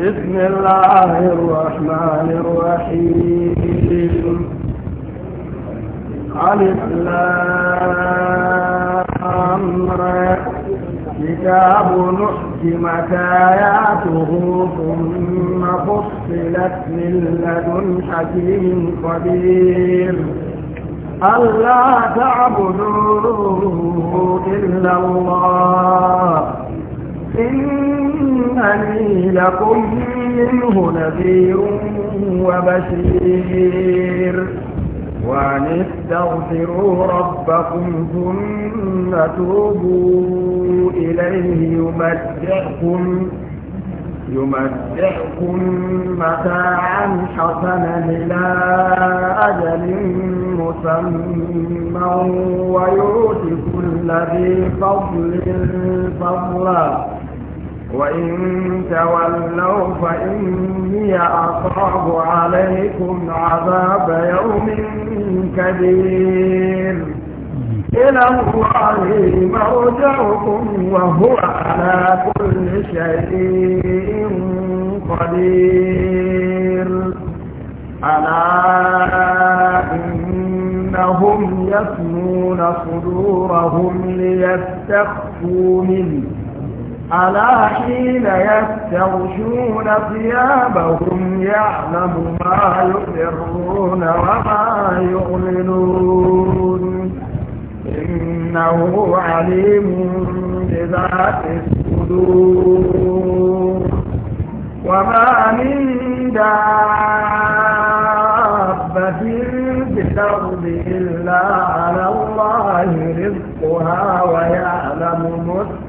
بسم الله الرحمن الرحيم ألف لامر كتاب نحكم آياته ثم فصلت من لدن حكيم قدير ألا تعبدوا إلا الله إنني لكم منه نذير وبشير وأن استغفروا ربكم ثم توبوا إليه يمتعكم يمتعكم متاعا حسنا إلى أجل مسمى ويؤتي كل ذي فضل فضلا وإن تولوا فإني أخاف عليكم عذاب يوم كبير إلى الله مرجعكم وهو على كل شيء قدير ألا إنهم يثنون صدورهم ليستخفوا منه ألا حين يستغشون ثيابهم يعلم ما يسرون وما يؤمنون إنه عليم بذات الصدور وما من دابة في الأرض إلا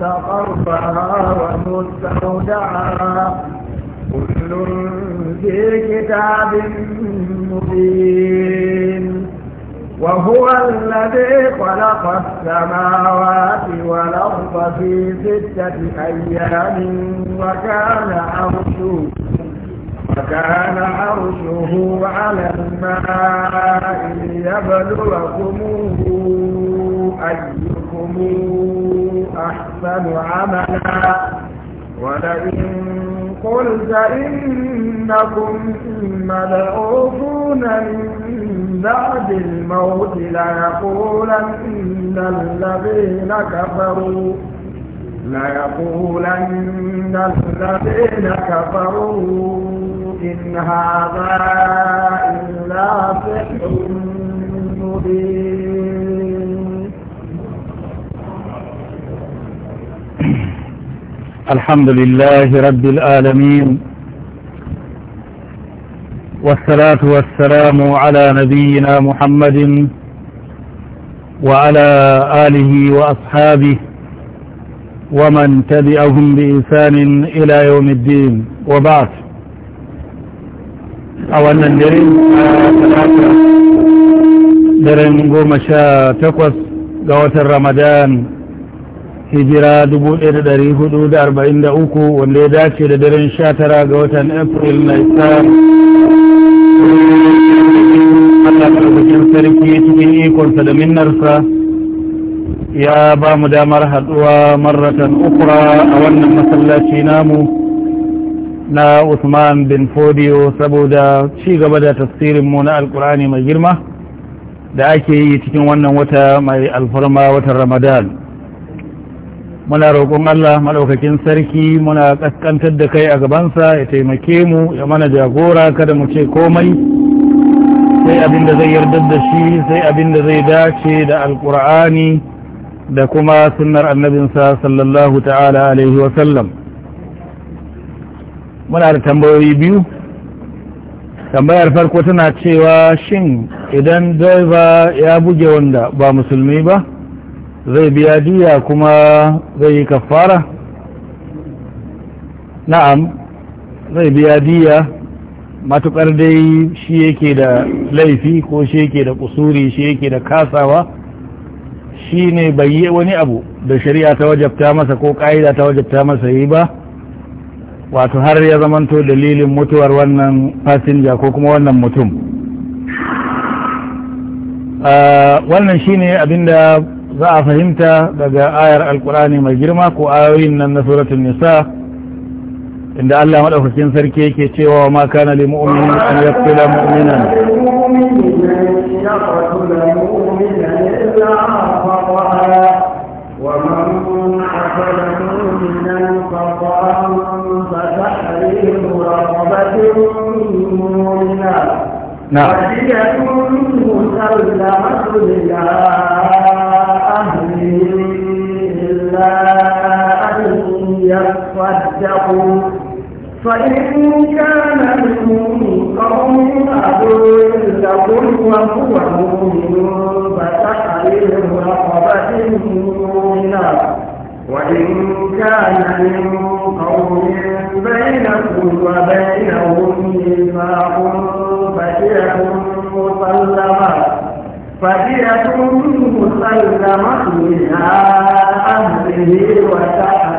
مستقرها ومستودعها كل في كتاب مبين وهو الذي خلق السماوات والأرض في ستة أيام وكان عرشه وكان عرشه على الماء ليبلوكم أيها مني أحسن عملا ولئن قلت إنكم ملعوفون من بعد الموت ليقولن الذين كفروا ليقولن الذين كفروا إن هذا إلا سحر مبين الحمد لله رب العالمين والصلاة والسلام على نبينا محمد وعلى آله وأصحابه ومن تبعهم بإنسان إلى يوم الدين وبعث أولا درين درين قوم شاتقوس قوة رمضان hijira uku wanda ya dace da daren sha tara ga watan april na isa Allah sarki cikin ikonsa da minnarsa ya ba mu damar haɗuwa marratan ukura a wannan masallaci namu na Usman bin Fodiyo saboda ci gaba da mu na alkur'ani mai girma da ake yi cikin wannan wata mai alfarma watan Ramadan. muna roƙon Allah maɗaukakin sarki muna ƙasƙantar da kai a gabansa ya taimake mu ya mana jagora kada mu ce komai sai abin da zai yarda da shi sai abin da zai dace da alƙur'ani da kuma sunnar annabinsa sallallahu ta'ala alaihi wasallam muna da tambayoyi biyu tambayar farko tana cewa shin idan driver ya buge wanda ba musulmi ba zai biya diya kuma zai yi kafara na'am zai biya diya matukar dai shi yake da laifi ko shi yake da kusuri shi yake da kasawa shi ne bai yi wani abu da shari'a ta wajabta masa ko ƙa'ida ta wajabta masa yi ba wato har ya zamanto dalilin mutuwar wannan fasinja ko kuma wannan mutum ah, wannan shi ne abinda za a fahimta daga ayar alkur'ani mai girma ko ayoyin nan na suratul nisa inda Allah madaukakin sarki yake cewa ma kana lil mu'mini an yaqtula mu'minan نعم. يصدقوا فإن كان من قوم عدو لكم وهو مؤمن فتحرير رقبة مؤمنة وإن كان من قوم بينكم وبينهم نفاق فدية مسلمة فدية مسلمة إلى أهله وتحرير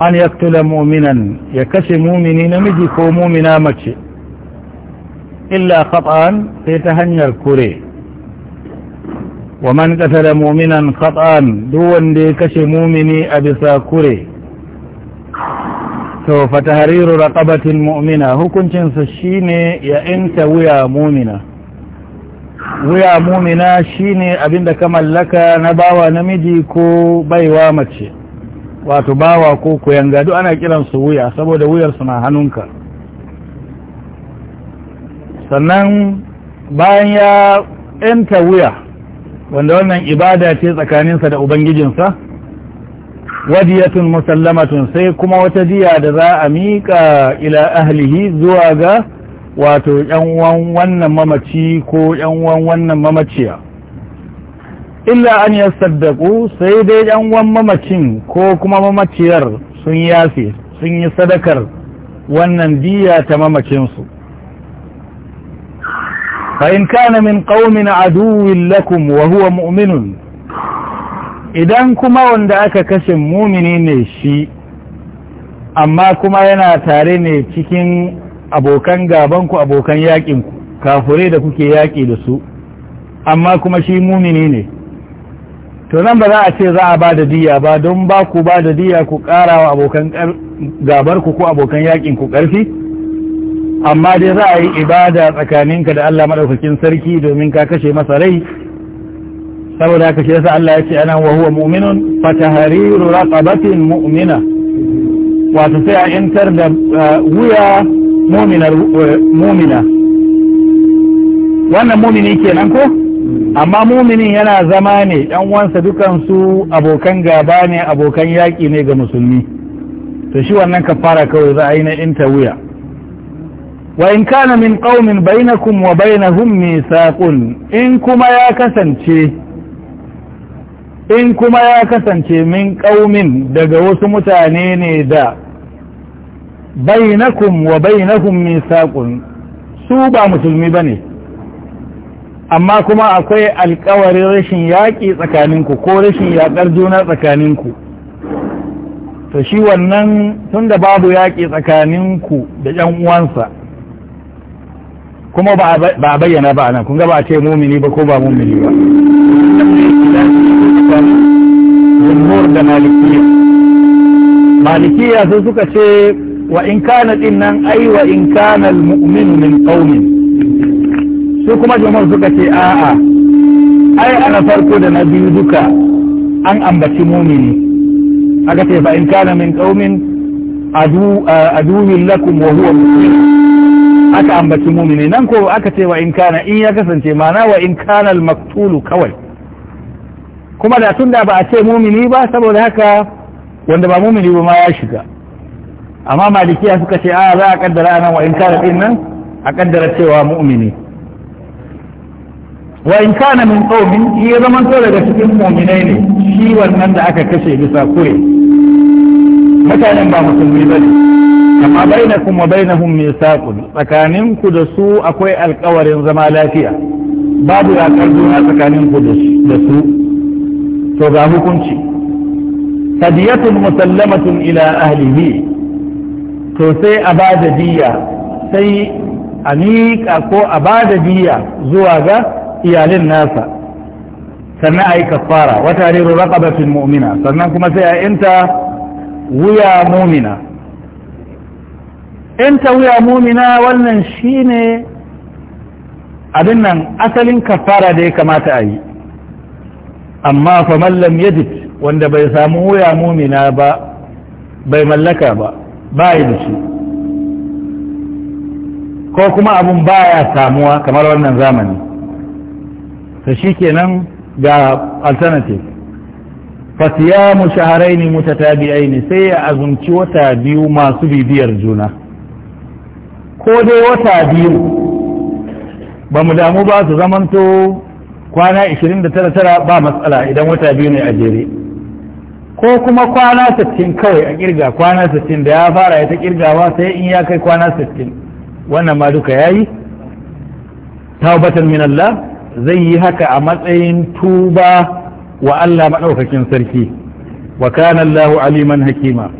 an yaktula mu'minan ya kashe mumini namiji ko mumina mace illa khata'an sai ta hanyar kure wa man qatala mu'minan khata'an duk wanda ya kashe mumini a bisa kure to fa tahriru raqabatin mu'mina hukuncinsa sa shine ya inta wuya mu'mina wuya mu'mina shine abinda ka mallaka na bawa namiji ko baiwa mace wato bawa ko koyan gado ana kiransu wuya saboda wuyar suna hannunka sannan bayan ya yanta wuya wanda wannan ibada ce tsakaninsa da ubangijinsa wadiyatun musallamatun sai kuma wata jiya da za a miƙa ila ahlihi zuwa ga wato 'yan wannan mamaci ko 'yan wannan mamaciya illa an Saddaku sai dai ɗan wan mamacin ko kuma mamaciyar sun yafe sun yi sadakar wannan diya ta mamacinsu fa in kana min qaumin aduwwin lakum wa huwa mu'minun idan kuma wanda aka kashe mumini ne shi amma kuma yana tare ne cikin abokan gabanku abokan yaƙinku kafure da kuke yaƙi da su amma kuma shi mumini ne to nan ba za a ce za a ba da diya ba don ba ku ba da diya ku ƙara wa abokan gabar ku ko abokan yakin ku ƙarfi amma dai za a yi ibada tsakaninka da Allah madaukakin sarki domin ka kashe masa rai saboda haka shi yasa Allah ya ce anan wa huwa mu'minun fatahriru raqabatin mu'mina wato sai a intar da wuya mu'mina eh, mu'mina wannan mu'mini kenan ko amma muminin yana zama ne yan uwansa dukansu abokan gaba ne abokan yaƙi ne ga musulmi to shi wannan kafara kawai za a yi na intawiya wa in kana min qaumin bainakum wa bainahum mithaqun in kuma ya kasance in kuma ya kasance min qaumin daga wasu mutane ne da bainakum wa bainahum mithaqun su ba musulmi bane amma kuma akwai alkawarin rashin yaƙi tsakaninku ko rashin yaƙar juna tsakaninku to shi wannan tun da babu yaƙi tsakaninku da ƴan uwansa kuma ba a bayyana ba nan kun ga ba a ce mumini ba ko ba mumini ba da malikiya malikiya sun suka ce wa in kana din nan ai wa in kana al-mu'minu min qaumin su kuma jama'ar suka ce a'a ai ana farko da na biyu duka an ambaci mumini aka ce fa in kana min qaumin aduwin lakum wa huwa mu'min aka ambaci mumini nan ko aka ce wa in kana in ya kasance mana wa in kana al-maqtulu kawai kuma da tun da ba a ce mumini ba saboda haka wanda ba mumini ba ma ya shiga amma malikiya suka ce a za a kaddara nan wa in kana din nan a kaddara cewa mu'mini wa in kana min qaumin ya zaman to daga cikin mu'minai ne shi wannan da aka kashe bisa kure mutanen ba musulmi bane amma bainakum wa bainahum mithaqun tsakanin ku da su akwai alƙawarin zama lafiya babu yakar juna tsakanin ku da su to ga hukunci hadiyatun musallamatun ila ahlihi to sai a ba da diya sai a miƙa ko a ba da diya zuwa ga iyalin nasa sannan a yi kafara wata rero raƙabatin mu'mina sannan kuma sai a inta wuya mumina inta wuya mumina wannan shine abin nan asalin kafara da ya kamata a yi amma fa mallam wanda bai samu wuya mumina ba bai mallaka ba ba yi da shi ko kuma abin baya samuwa kamar wannan zamani da shi kenan ga alternative fasiyamu shaharaini mutatabi'aini sai ya azumci wata biyu masu bibiyar juna ko dai wata biyu ba mu damu ba su zamanto kwana 29 ba matsala idan wata biyu ne a jere ko kuma kwana 60 kawai a kirga kwana 60 da ya fara ya ta ba sai in ya kai kwana 60 wannan ma duka yayi taubatan min Allah zai yi haka a matsayin tuba wa Allah maɗaukakin sarki wa kana Allahu aliman hakima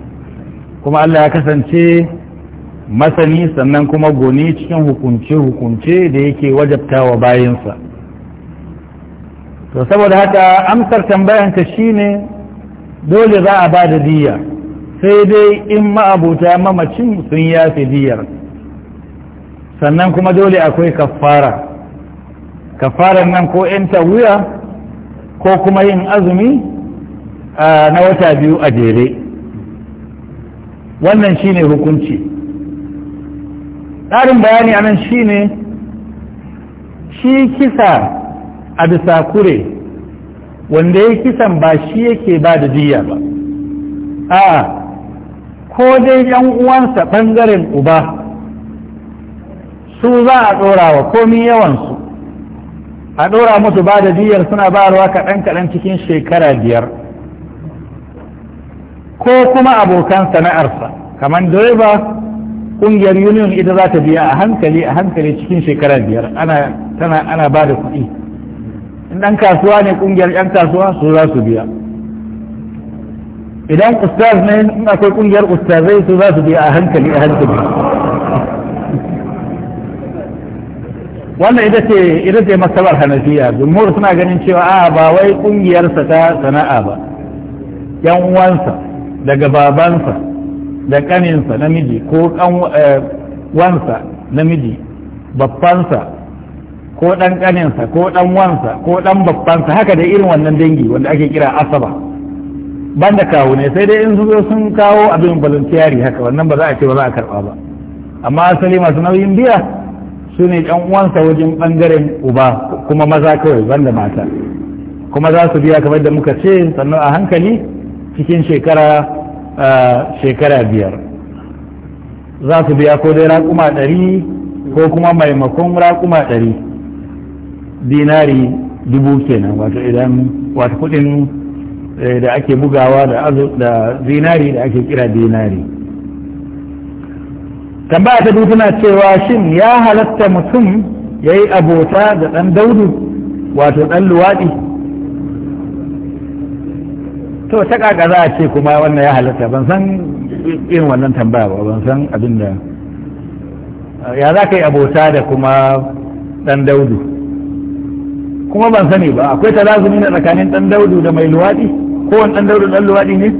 kuma Allah ya kasance masani sannan kuma goni cikin hukunce-hukunce da yake wajabta wa bayansa to saboda haka amsar tambayanka shine dole za a ba da diya sai dai in ma'abuta mamacin sun yafe diyar sannan kuma dole akwai kafara kafaran nan ko yan wuya ko kuma yin azumi na wata biyu a jere wannan shine hukunci tsarin bayani anan shine shi kisa a bisa kure wanda ya kisan ba shi yake ba da jiya ba a ko dai yan uwansa ɓangaren uba su za a ɗora wa komi yawansu a ɗora musu ba da diyar suna bayarwa kaɗan kaɗan cikin shekara biyar ko kuma abokan sana'arsa kamar direba ƙungiyar union ita za ta biya a hankali a hankali cikin shekara biyar ana tana ana ba da kuɗi in ɗan kasuwa ne ƙungiyar ƴan kasuwa su za su biya idan ustaz ne in akwai ƙungiyar ustazai su za su biya a hankali a hankali wannan ita ce ita ce masabar hanafiya jumhur suna ganin cewa a ba wai kungiyarsa ta sana'a ba yan uwansa daga babansa da kaninsa namiji ko kan eh, wansa namiji babbansa ko dan kaninsa ko dan wansa ko dan babbansa haka da irin wannan dangi wanda ake kira asaba banda kawo ne sai dai in sun zo sun kawo abin voluntary haka wannan ba za a ce ba za a karba ba amma asali masu nauyin biya su ne ɗan uwansa wajen ɓangaren uba kuma maza kawai ban da mata kuma za su biya kamar da muka ce sannan a hankali cikin shekara shekara biyar za su biya ko dai raƙuma ɗari ko kuma maimakon raƙuma ɗari dinari dubu kenan wato idan wato kuɗin eh, da ake bugawa da zinari da ake kira dinari tambaya ta dutuna cewa shin ya halatta mutum ya yi abota da ɗan daudu wato ɗan luwaɗi to ta ƙaƙa za a ce kuma wannan ya halatta ban san yin wannan tambaya ba ban san abin da ya za ka yi abota da kuma ɗan daudu kuma ban sani ba akwai ta talazumi na tsakanin ɗan daudu da mai luwaɗi ko wani ɗan daudu ɗan luwaɗi ne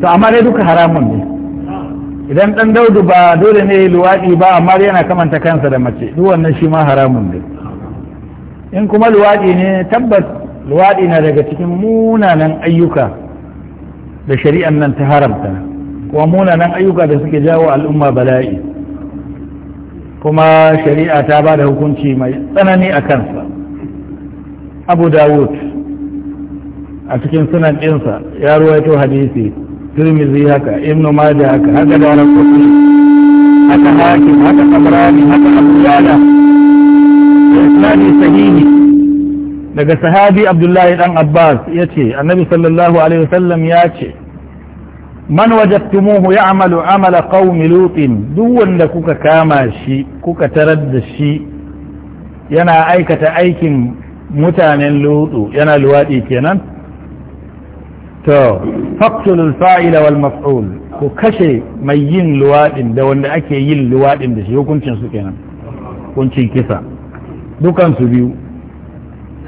to amma dai duka haramun ne idan dan daudu ba dole ne luwaɗi ba amma yana kamanta kansa da mace duk wannan shi ma haramun ne in kuma luwaɗi ne tabbas luwaɗi na daga cikin munanan ayyuka da shari'an nan ta haramta kuma munanan ayyuka da suke jawo al'umma bala'i kuma shari'a ta ba da hukunci mai tsanani a kansa abu dawud a cikin sunan ɗinsa ya ruwaito hadisi tirmizi haka ibnu majah haka haka dara kufi haka hakim haka tabrani haka abu yala isnadi sahihi daga sahabi abdullahi dan abbas yace annabi sallallahu alaihi wasallam ya ce man wajadtumuhu ya'malu amala qaumi lutin duk wanda kuka kama shi kuka tarar da shi yana aikata aikin mutanen lutu yana luwadi kenan to faktulul fa'ila wal maf'ul ku kashe mai yin luwaɗin da wanda ake yin luwaɗin da shi hukuncin su kenan hukuncin kisa dukan su biyu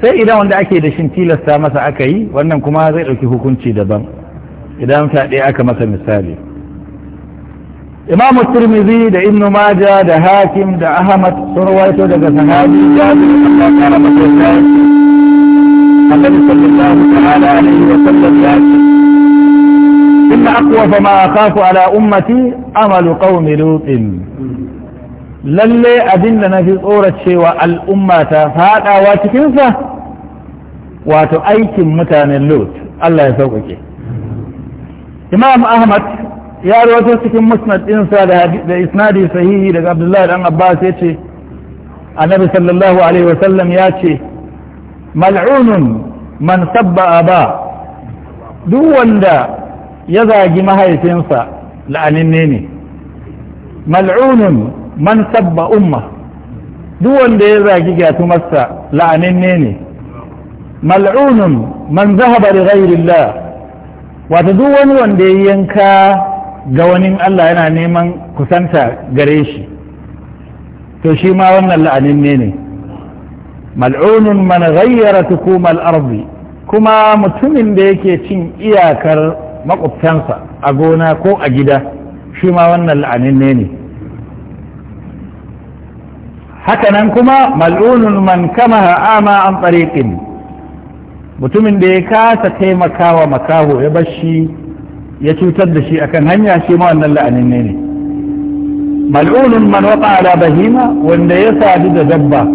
sai idan wanda ake da shin tilasta masa aka yi wannan kuma zai ɗauki hukunci daban idan fyaɗe aka masa misali imamu turmizi da ibn maja da hakim da ahmad sun rawaito daga sahabi jabir bin abdullah masa sai annabi sallallahu ta'ala alaihi wa sallam ya ce إن أقوى ما أخاف ala ummati amalu قوم لوط lalle abin da na fi tsora cewa al'umma ta faɗawa cikinsa wato aikin mutanen lut Allah ya sauƙaƙe imam ahmad ya rawato cikin musnad ɗinsa da isnadi sahihi daga abdullahi dan abbas yace ce annabi sallallahu alaihi wasallam ya ce mal'unun man sabba ba duk wanda ya zagi mahaifinsa la'aninne ne mal'unun man sabba umma duk wanda ya zagi gatumarsa la'aninne ne mal'unun man zahaba da ghairillah wata duk wani wanda ya yanka ga wani Allah yana neman kusanta gare shi to shi ma wannan la'aninne ne mal'unun man ghayyara tukumal ardi kuma mutumin da yake cin iyakar makwabtansa a gona ko a gida shi ma wannan la'anin ne hakanan kuma mal'unun man kama ama an tsariƙin mutumin da ya kasa taimakawa makaho ya bar shi ya cutar da shi akan hanya shi ma wannan la'anin ne mal'unun man waka ala bahima wanda ya sadu da dabba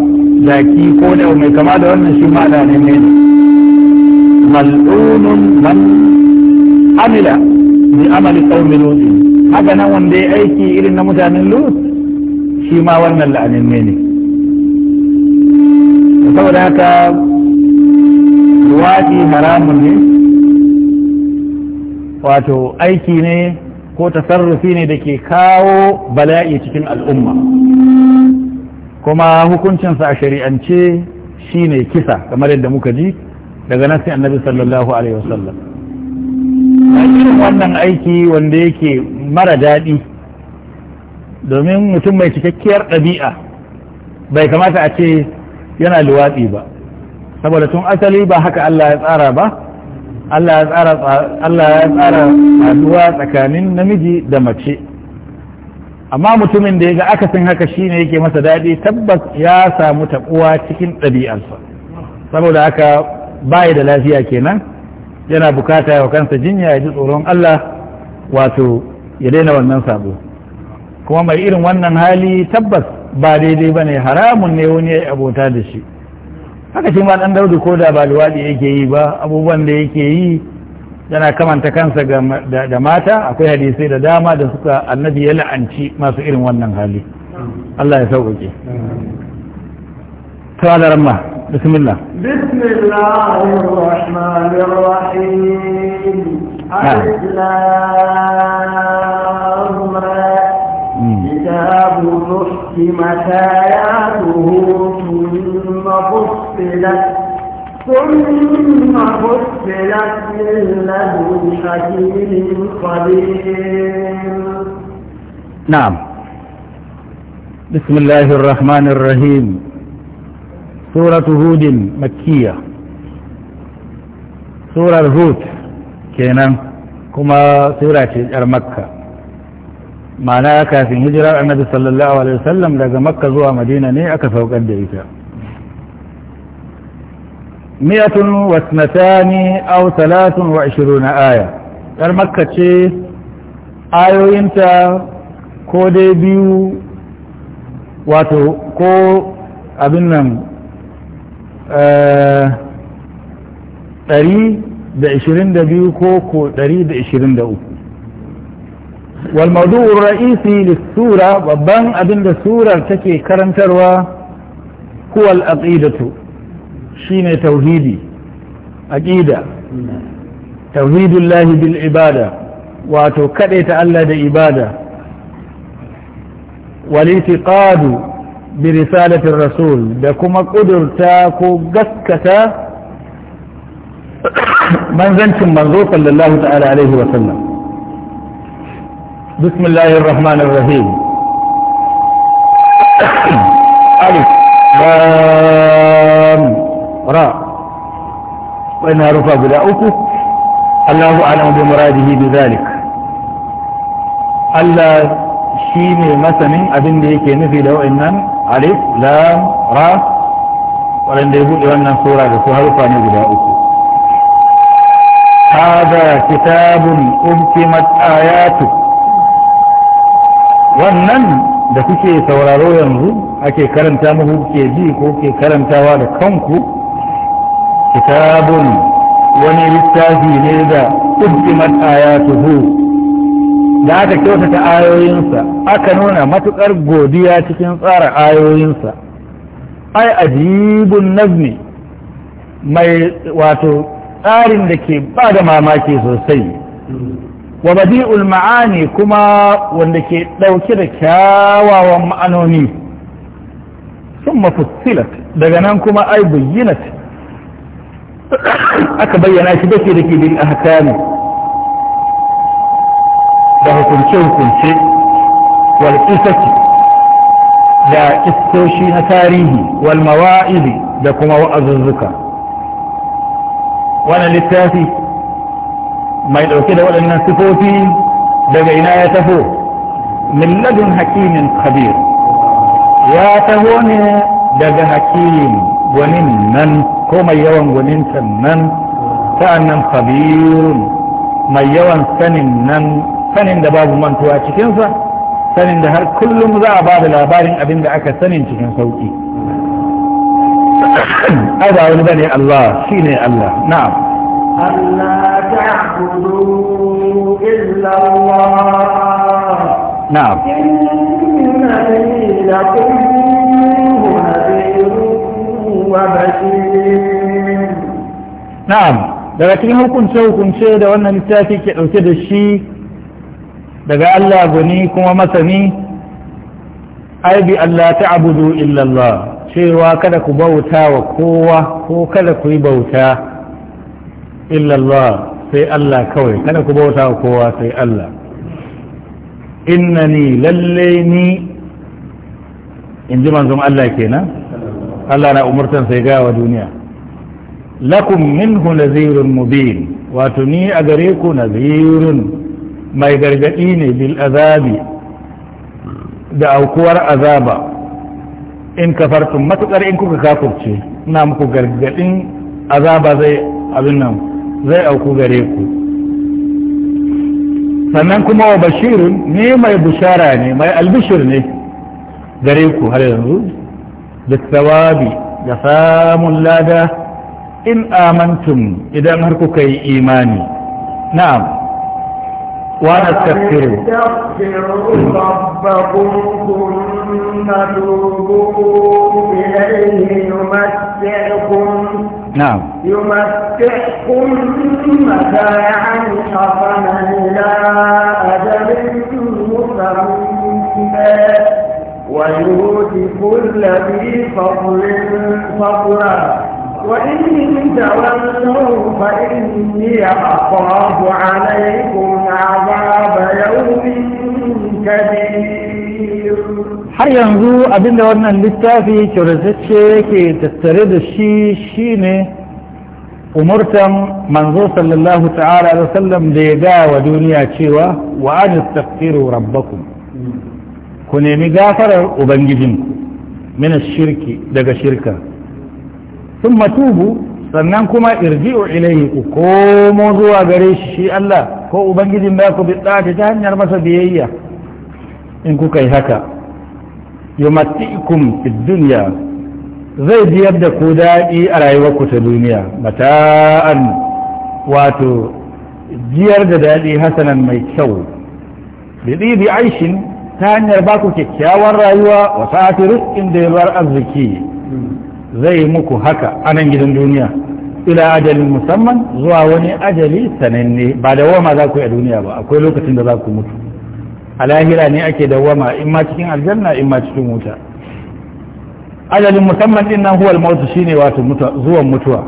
zaki ko da mai kama da wannan shi ma ne ne mal'unun man amila bi amali qaumi lut haka nan wanda ya aiki irin na mutanen lut shi ma wannan la'anin ne ne saboda haka ruwaɗi haramun ne wato aiki ne ko tasarrufi ne da ke kawo bala'i cikin al'umma kuma hukuncinsa a shari'ance shine kisa kamar yadda muka ji daga nasi annabi sallallahu alaihi wasallam a irin wannan aiki wanda yake mara daɗi domin mutum mai cikakkiyar ɗabi'a bai kamata a ce yana luwaɗi ba saboda tun asali ba haka Allah ya tsara ba Allah ya tsara saduwa tsakanin namiji da mace amma mutumin da ya ga akasin haka shi ne yake masa daɗi tabbas ya samu taɓuwa cikin ɗabi'arsa saboda haka bayi da lafiya kenan yana bukata wa kansa jinya ya ji tsoron Allah wato ya daina wannan sabo kuma mai irin wannan hali tabbas ba daidai ba ne haramun ne wani ya abota da shi haka shi ma ɗan daudu ko da ba luwaɗi yake yi ba abubuwan da yake yi yana kamanta kansa da mata akwai hadisai da dama da suka annabi ya la'anci masu irin wannan hali Allah ya sauƙaƙe. Tawadar ma. بسم الله بسم الله الرحمن الرحيم آه. ألف كتاب محكمت آياته ثم فصلت ثم فصلت من حكيم قدير نعم بسم الله الرحمن الرحيم سورة هود مكية سورة هود كينا كما سورة مكة معناها كافي هجرة النبي صلى الله عليه وسلم لقى مكة زوى مدينة ني أكثر قد إيسا مئة واثنتان أو ثلاث وعشرون آية المكة شيء آيو ينتا كودي بيو واتو كو أبنم 122 ko ko 123 والموضوع الرئيسي للسورة babban abin da surar take karantarwa kuwal al-aqidatu shine tauhidi aqida tauhidullahi bil ibada wato kadaita Allah da ibada wal برسالة الرسول لكم قدر تاكو قكتا من ذنكم منظوطا الله تعالى عليه وسلم بسم الله الرحمن الرحيم ألف رام را وإنها رفا بلاؤكو الله أعلم بمراده بذلك ألا shi ne masanin abin da yake nufi da wa'annan alif lam ra waɗanda ya buɗe wannan sura da su harufa ne guda uku هذا كتاب أمتمت آياته wannan da kuke sauraro yanzu ake karanta muku kuke ji ko kuke karantawa da kanku kitabun wani littafi ne da ultimat ayatuhu da aka kyautata ayoyinsa aka nuna matuƙar godiya cikin tsara ayoyinsa ai ajibun nazmi mai wato tsarin da ke ba da mamaki sosai wa badi'ul ma'ani kuma wanda ke ɗauke da kyawawan ma'anoni sun mafusilat daga nan kuma ai bayyinat aka bayyana shi ke da ke bin ahkami da hukunce-hukunce walƙisaki da iskoshi na tarihi walmawa'izi da kuma wa'azuzzuka wannan littafi mai ɗauke da waɗannan sifofi daga ina ya taho min ladun hakimin kabir ya taho ne daga hakim gwanin nan ko mai yawan gwanin nan sa'an nan kabirun mai yawan sanin nan sanin da babu mantuwa cikinsa sanin da har kullum za a ba da labarin abin da aka sanin cikin sauki ai wani bane Allah shine Allah na'am Allah ta'budu illa Allah na'am innani lakum nadhirun wa bashir na'am daga cikin hukunce hukunce da wannan littafi ke dauke da shi daga Allah guni kuma masani ai bi Allah ta'budu illa Allah cewa kada ku bauta wa kowa ko kada ku yi bauta illa Allah sai Allah kawai kada ku bauta wa kowa sai Allah innani lalle ni in ji manzon Allah kenan Allah na umurtan sai gaya wa duniya lakum minhu nazirun mubin wato ni a gare ku nazirun mai gargadi ne bil azabi da aukuwar azaba in kafartum matukar in kuka kafurce ina muku gargadin azaba zai abin nan zai auku gare ku sannan kuma wa bashirin ne mai bushara ne mai albishir ne gare ku har yanzu da tsawabi da samun lada in amantum idan har kuka yi imani na'am ونستغفره ربكم ثم توبوا إليه يمتعكم نعم يمتعكم متاعا حقنا إلى أجل مسمى ويؤتي كل ذي فضل فضلا وإن تولوا فإني أخاف عليكم عذاب يوم كبير har yanzu abinda wannan littafi kyautatacce ke tattare da shi shine umurtan manzo sallallahu ta'ala da sallam da ya gaya wa duniya cewa wa an istaghfiru rabbakum ku nemi gafarar ubangijinku min shirki daga shirka Sun tubu sannan kuma irji'u ilayhi ku komo zuwa gare shi shi Allah ko ubangijin ba ku bidda ta hanyar masa biyayya in kuka yi haka yumatti'ukum fid dunya zai biyar da ku daɗi a rayuwar ku ta duniya mata'an wato jiyar da daɗi hasanan mai kyau bi aishin ta hanyar ba ku kyakkyawar rayuwa wa sa'ati rizqin da ya arziki zai muku haka a nan gidan duniya ila ajalin musamman zuwa wani ajali sananne ba da wama za ku yi a duniya ba akwai lokacin da za ku mutu a lahira ne ake da wama in ma cikin aljanna in ma cikin wuta ajalin musamman din nan huwal mautu shine wato zuwan mutuwa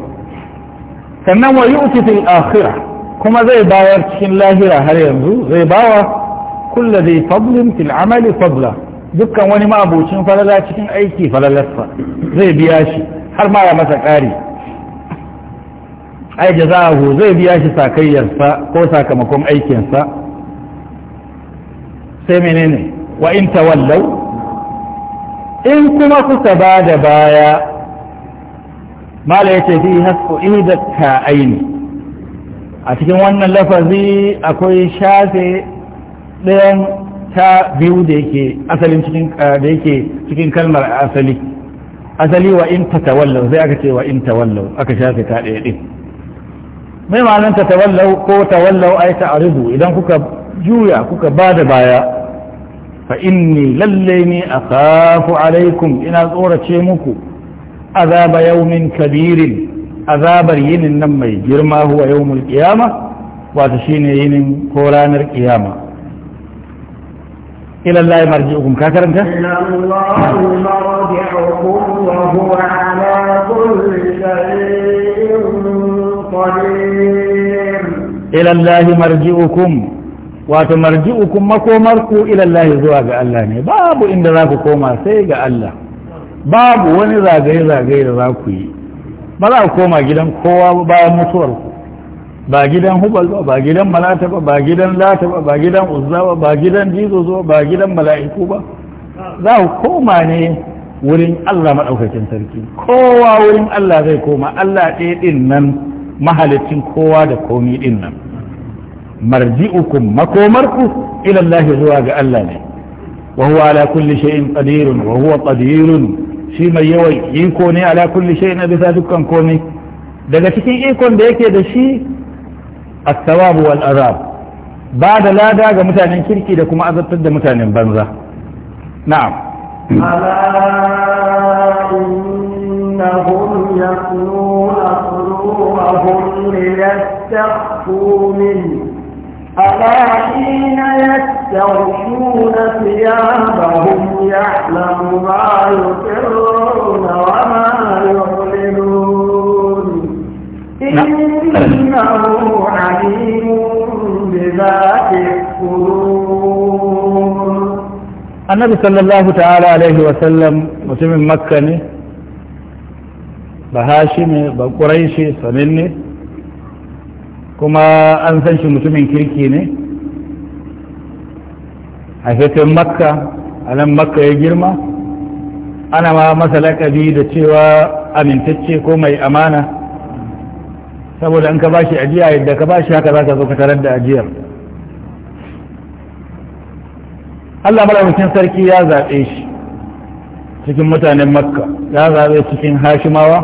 sannan wa yu'ti fil akhirah kuma zai bayar cikin lahira har yanzu zai bawa kullu dhi fadlin fil amali fadla dukkan wani ma'abocin falala cikin aiki falalarsa zai biya shi har ma ya masa ƙari ai jaza'ahu zai biya shi sakayyarsa ko sakamakon aikinsa sai menene wa in tawallau in kuma kuka ba da baya mala ya ce fi hasko idaka aini a cikin wannan lafazi akwai shafe ɗayan ta biyu da yake asalin cikin eh, da yake cikin kalmar asali asali wa in tatawallaw sai aka ce wa in tawallaw aka shafe ta ɗaya ɗin mai ma'anar tatawallaw ko tawallau ai ta'ridu idan kuka juya kuka ba da baya fa inni lalle ni akhafu alaikum ina tsorace muku azaba yawmin kabirin azabar yinin nan mai girma huwa yawmul qiyamah wato shine yinin ko ranar qiyama إلى الله مرجعكم كثرا إلى الله مرجعكم وهو على كل شيء قدير إلى الله مرجعكم wato marji'ukum makomarku ilallahi zuwa ga Allah ne babu inda zaku koma sai ga Allah babu wani zagaye-zagaye da za ku yi ba za ku koma gidan kowa bayan mutuwarku ba gidan hubal ba ba gidan malata ba ba gidan lata ba ba gidan uzza ba ba gidan jizo ba ba gidan mala'iku ba za ku koma ne wurin Allah maɗaukakin sarki kowa wurin Allah zai koma Allah ɗaya ɗin nan mahalicin kowa da komi ɗin nan marji'ukum makomarku ila Allah zuwa ga Allah ne wa huwa ala kulli shay'in qadirun wa huwa qadirun shi mai yawan iko ne ala kulli shay'in bisa dukkan komai daga cikin ikon da yake da shi as-sawabu wal ba da lada ga mutanen kirki da kuma azabtar da mutanen banza na'am ala innahum yaquluna qulubahum liyastaghfu min ألا حين يستغشون ثيابهم يعلم ما يسرون annabi sallallahu ta'ala alaihi wasallam mutumin makka ne ba hashi ne ba ƙuraishi sanin ne kuma an san shi mutumin kirki ne a fitin makka a nan makka ya girma ana ma masa laƙabi da cewa amintacce ko mai amana saboda an ka bashi ajiya yadda ka bashi haka za ka zo ka tarar da ajiyar Allah madaukakin sarki ya zaɓe shi cikin mutanen makka ya zaɓe cikin hashimawa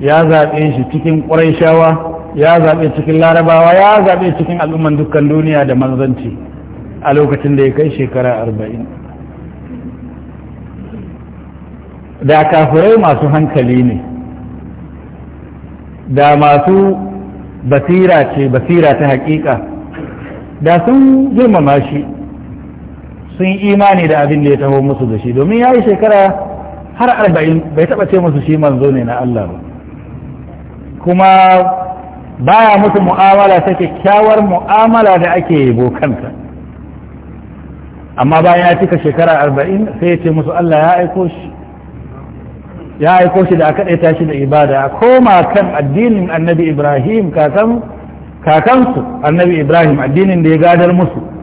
ya zaɓe shi cikin ƙwarishawa ya zaɓe cikin larabawa ya zaɓe cikin al'umman dukkan duniya da manzanci a lokacin da ya kai shekara arba'in da kafirai masu hankali ne da masu basira ce basira ta hakika da sun girmama shi sun imani da abin da ya taho musu da shi domin ya yi shekara har arba'in bai taɓa ce musu shi manzo ne na Allah ba kuma baya musu mu'amala ta kyakkyawar mu'amala da ake yabo kanta amma bayan ya cika shekara arba'in sai ya ce musu Allah ya aiko shi ya aiko shi da aka ɗaya tashi da ibada koma kan addinin annabi ibrahim kakansu annabi ibrahim addinin da ya gadar musu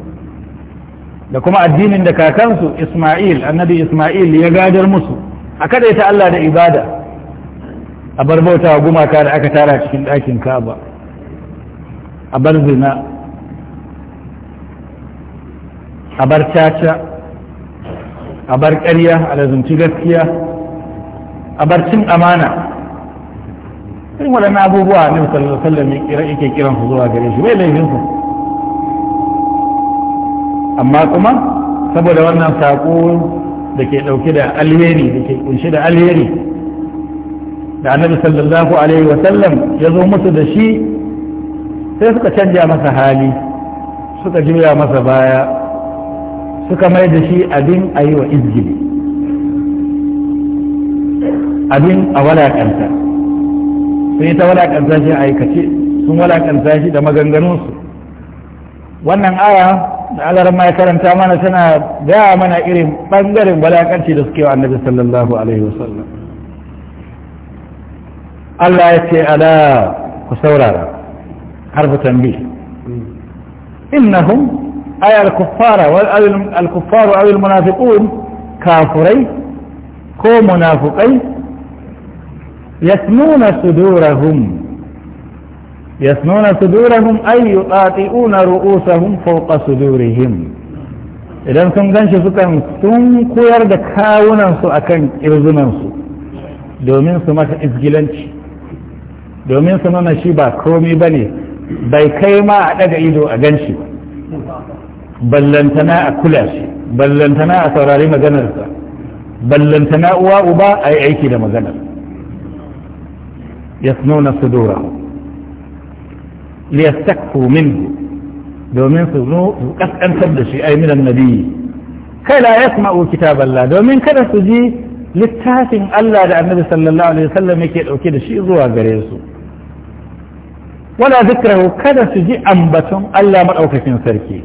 da kuma addinin da kakansu Ismail annabi Ismail ya gadar musu a kada ta Allah da ibada a bar bauta gumaka da aka tara cikin ɗakin Ka'aba a bar zina a bar caca a bar ƙarya a lazumci gaskiya a bar cin amana irin waɗannan abubuwa ne sallallahu alaihi yake kiran su zuwa gare shi mai laifinsu? amma kuma saboda wannan saƙo da ke ɗauke da alheri da ke kunshi da alheri da annabi sallallahu alaihi wa sallam ya zo musu da shi sai suka canja masa hali suka juya masa baya suka mai da shi abin a yi wa izgili abin a walakanta yi ta walakanta shi aikace sun walakanta shi da maganganunsu wannan aya ta'ala ma ya karanta mana tana gaya mana irin ɓangaren walakanci da suke wa annabi sallallahu alaihi wasallam Allah ya ce ala ku saurara harfi tambi innahum ay al-kuffara wal al-kuffaru aw al-munafiqun kafurai ko munafiqai yasmuna sudurahum yasnuna sudurahum ay yutati'una ru'usahum fawqa sudurihim idan sun ganshi sukan sun koyar da kawunan su akan irzunan su domin su masa izgilanci domin su nuna shi ba komai bane bai kai ma a ido a ganshi ballantana a kula shi ballantana a saurari maganarsa uwa uba a yi aiki da maganar liyastakfu minhu domin su kaskantar da shi ai min annabi kai la yasma'u kitaballah domin kada su ji littafin Allah da annabi sallallahu alaihi wasallam yake dauke da shi zuwa gare su wala zikrahu kada su ji ambaton Allah madaukakin sarki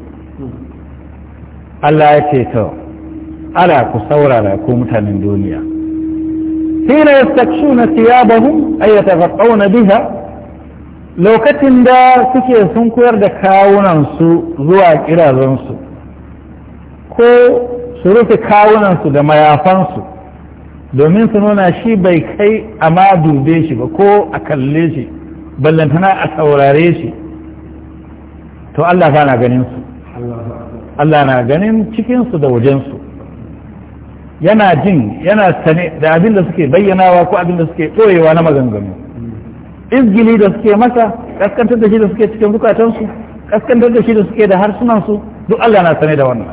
Allah ya ce to ala ku saurara ko mutanen duniya hina yastakshuna bahu ayyata yatafaqqawna biha lokacin da suke sun koyar da kawunansu zuwa kirazansu ko su rufe kawunansu da mayafansu domin su nuna shi bai kai a ma dube shi ba ko a kalle shi ballantana a saurare shi to Allah fa na ganin su Allah na ganin cikinsu da wajensu yana jin yana sane da abin da suke bayyanawa ko abin da suke ɗorewa na maganganu izgili da suke masa kaskantar da shi da suke cikin zukatansu kaskantar da shi da suke da harsunansu duk Allah na sane da wannan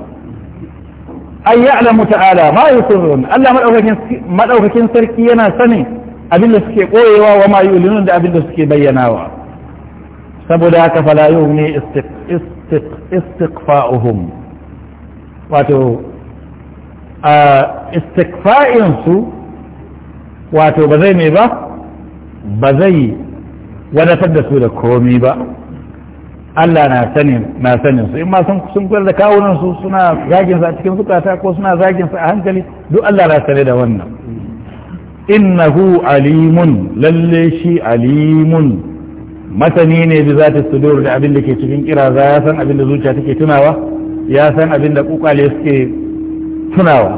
Ai ay ya'lamu ta'ala ma yusirrun Allah madaukakin sarki yana sani abin da suke koyewa wa ma yulinun da abin da suke bayyanawa saboda haka fala yughni istiqfa'uhum wato a istiqfa'in su wato ba zai ne ba ba zai wadatar da su da komi ba Allah na sanin na su in ma sun sun da kawunan su suna zagin sa a cikin zukata ko suna zagin sa a hankali duk Allah na sane da wannan innahu alimun lalle shi alimun masani ne bi zata sudur da abin da ke cikin kiraza ya san abin da zuciya take tunawa ya san abin da kukale suke tunawa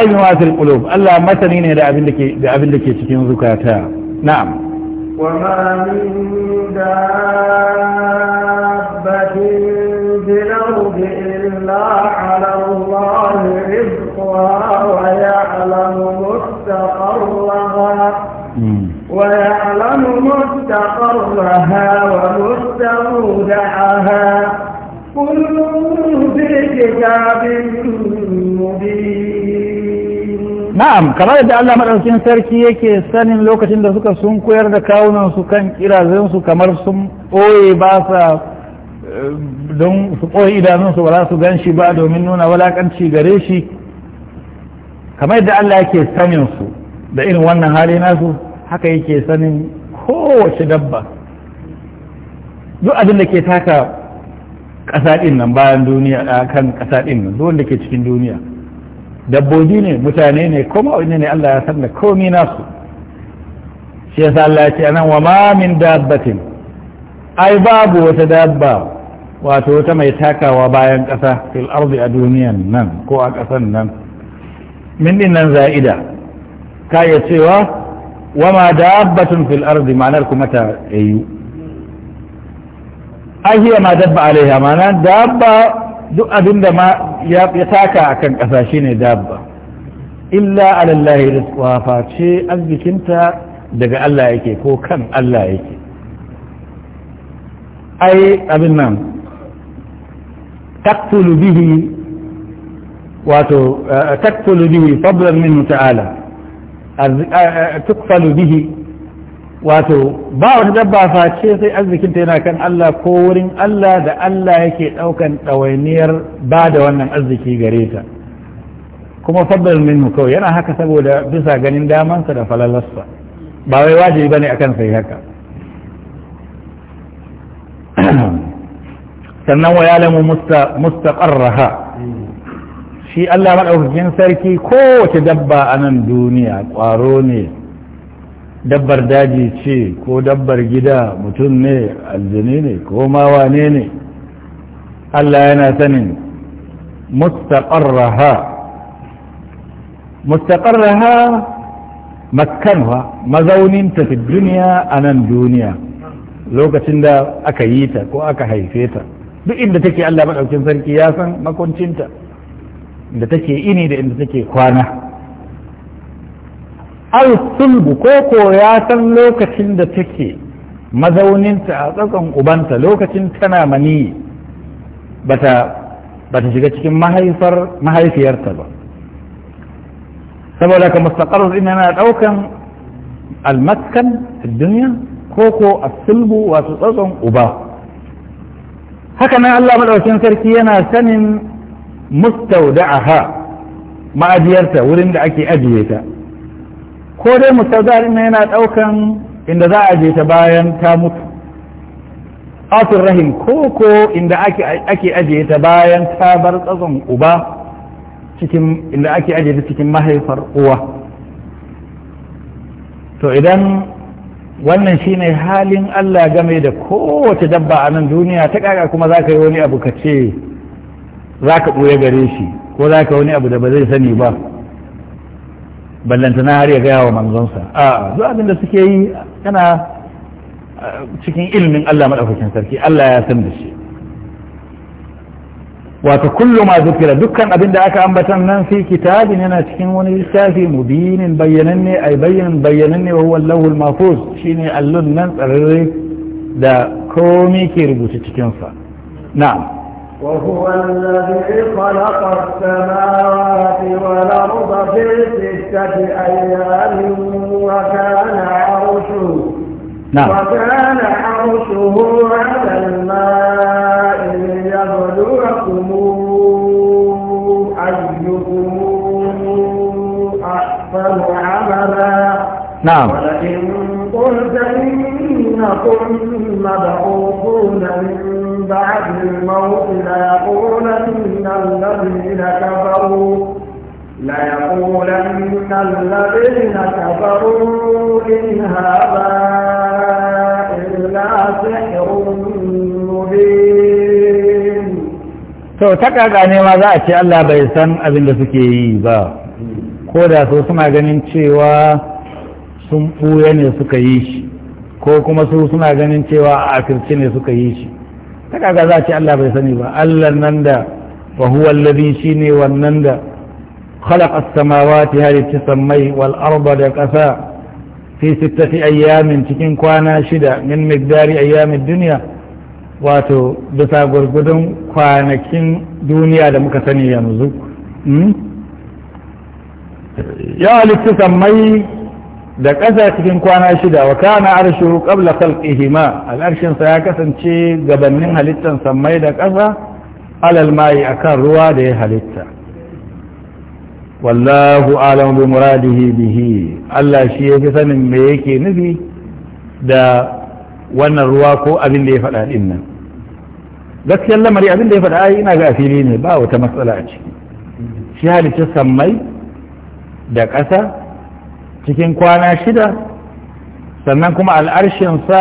ayyuhatul qulub Allah masani ne da abin da ke da abin da ke cikin zukata na'am وما من دابة في الأرض إلا على الله رزقها ويعلم مستقرها ويعلم مستقرها ومستودعها كل في كتاب مبين na'am kamar yadda Allah madaukakin sarki yake sanin lokacin da suka sun koyar da kawunan su kan kirazin su kamar sun boye ba sa eh, don su boye idanun su wala su gan ba domin nuna walakanci gare shi kamar yadda Allah yake sanin su da irin wannan hali nasu haka yake sanin kowace dabba duk abin da ke taka ƙasa nan bayan duniya kan ƙasa nan duk wanda ke cikin duniya dabbobi ne mutane ne kuma wani ne Allah ya san da komi nasu shi yasa Allah ya ce anan wa ma min dabbatin ai babu wata dabba wato wata mai takawa bayan ƙasa fil ardi a duniyan nan ko a ƙasan nan min din nan za'ida ka iya cewa wa ma dabbatin fil ardi ma'anar kuma ta ayyu ai ma dabba alaiha ma'ana dabba duk abin da ma ya taka a kan ƙasa shi ne dabba illa alallahi rizkuwa face arzikinta daga Allah yake ko kan Allah yake ai abin nan taktulu bihi wato eh, taktulu bihi fadlan min ta'ala eh, eh, tukfalu bihi wato ba wata dabba face sai arzikinta yana kan Allah ko wurin Allah da Allah yake ɗaukan ɗawainiyar ba da wannan arziki gare ta kuma faddar min kawai yana haka saboda bisa ganin damansa da falalarsa ba wai wajibi bane akan sai haka sannan wa yalamu mustaqarraha shi Allah madaukakin sarki kowace dabba a nan duniya ƙwaro ne dabbar daji ce ko dabbar gida mutum ne aljini ne ko mawa ne ne Allah yana sanin mustaqarraha mustaqarraha makkanwa ta fi duniya a nan duniya lokacin da aka yi ta ko aka haife ta duk inda take Allah maɗaukin sarki ya san makoncinta da take ini da inda take kwana au sulbu ko ko ya san lokacin da take mazauninta a tsakan ubanta lokacin tana mani bata bata shiga cikin mahaifiyarta ba saboda ka mustaqarrar ina na daukan almaskan duniya ko ko asulbu wato tsatson uba haka nan Allah madaukakin sarki yana sanin mustaudaha ma'ajiyarta wurin da ake ajiye ta ko dai mustaudarin na yana ɗaukan inda za a je ta bayan ta mutu ƙasar rahim ko ko inda ake ajiye ta bayan ta bar tsazon uba cikin inda ake ajiyeta ta cikin mahaifar uwa to idan wannan shine halin Allah game da kowace dabba a nan duniya ta kaka kuma za ka yi wani abu ka ce za ka ɓoye gare shi ko za ka wani abu da ba zai sani ba ballantana har ya gaya wa manzonsa a duk abin da suke yi yana cikin ilimin Allah madaukakin sarki Allah ya san da shi wata kullum ma zukira dukkan abin da aka ambatan nan fi kitabin yana cikin wani littafi mubinin bayyananne ay bayyanan bayyananne wa lahul mahfuz shine allun nan tsararre da komai ke rubuta cikinsa na'am وهو الذي خلق السماوات والأرض في ستة أيام وكان عرشه نعم وكان عرشه على الماء ليبلوكم أيكم أحسن عملا نعم ولئن قلت إنكم مبعوثون من بعد الموت ليقولن الذين كفروا ليقولن الذين كفروا إن هذا إلا سحر مبين to ta kaga ne ma za a ce Allah bai san abin da suke yi ba ko da su suna ganin cewa sun ɓuya ne suka yi shi ko kuma su suna ganin cewa a akirci ne suka yi shi ta kaga za ce Allah bai sani ba Allah nan da wa huwa alladhi shine wannan da khalaqa ta samawati hadhihi tisammai wal arda da kasa fi sittati ayamin cikin kwana shida min miqdari ayami duniya wato da sa kwanakin dunya da muka sani yanzu hmm? ya alitta mai da ƙasa cikin kwana shida wa kana arshu qabla khalqihima al'arshin sa ya kasance gabanin halittan samai da ƙasa alal mai akan ruwa da ya halitta wallahu a'lamu bi muradihi bihi Allah shi yake sanin me yake nufi da wannan ruwa ko abin da ya faɗa din nan gaskiyar lamari abin da ya faɗa ina ga fili ne ba wata matsala a ciki shi halittar samai da ƙasa cikin kwana shida sannan kuma al'arshinsa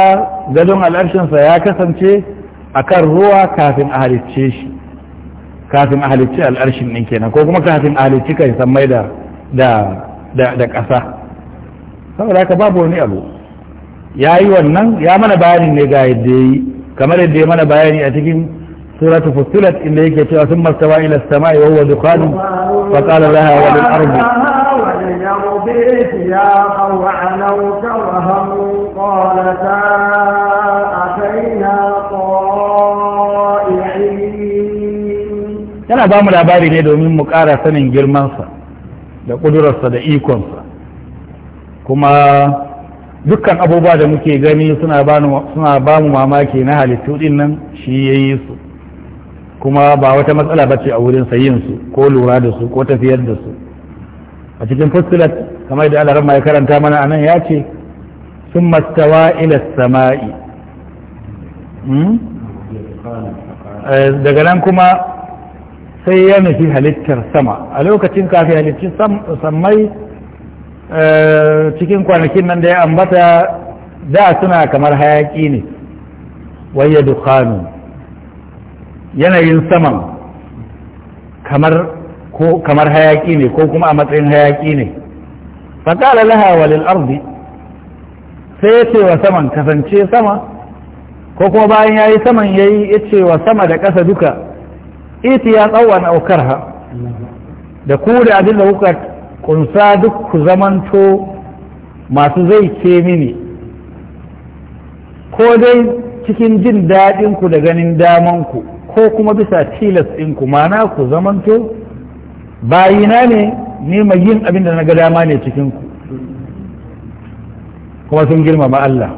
gadon al'arshinsa ya kasance a kan ruwa kafin a halicce shi kafin a halicce al'arshin ɗin kenan ko kuma kafin a halicci kai mai da da ƙasa saboda haka babu wani abu ya yi wannan ya mana bayanin ne ga yadda ya yi kamar yadda ya mana bayani a cikin سوره فصلت إلا يكي ثم استوى الى السماء وهو دخان فقال لها وللارض رب اتياقا قالتا yana ba mu labari ne domin mu ƙara sanin girmansa da ƙudurarsa da ikonsa kuma dukkan abubuwa da muke gani suna ba mu mamaki na halittu ɗin nan shi ya yi su kuma ba wata matsala ba ce a wurin sayin su ko lura da su ko tafiyar da su a cikin fusilat kamar da Allah ya karanta mana anan ya ce sun mastawa ila sama'i hmm? eh, daga nan kuma sai ya nufi halittar sama a lokacin kafin halittar sammai eh, cikin kwanakin nan da ya ambata da suna kamar hayaki ne waye dukkanu yanayin saman kamar hayaki ne ko kuma a matsayin hayaki ne faƙala laha walil ardi sai ya ce saman kasance sama ko kuma bayan ya yi saman ya yi ya ce sama da ƙasa duka iti ya tsawon aukar ha da ku da abin da kuka kunsa duk ku zamanto masu zai ke mini ko dai cikin jin daɗinku da ganin damanku ko kuma bisa tilas ɗinku mana ku zamanto bayina ne ni mai yin abin da na ga dama ne cikin ku kuma sun girmama Allah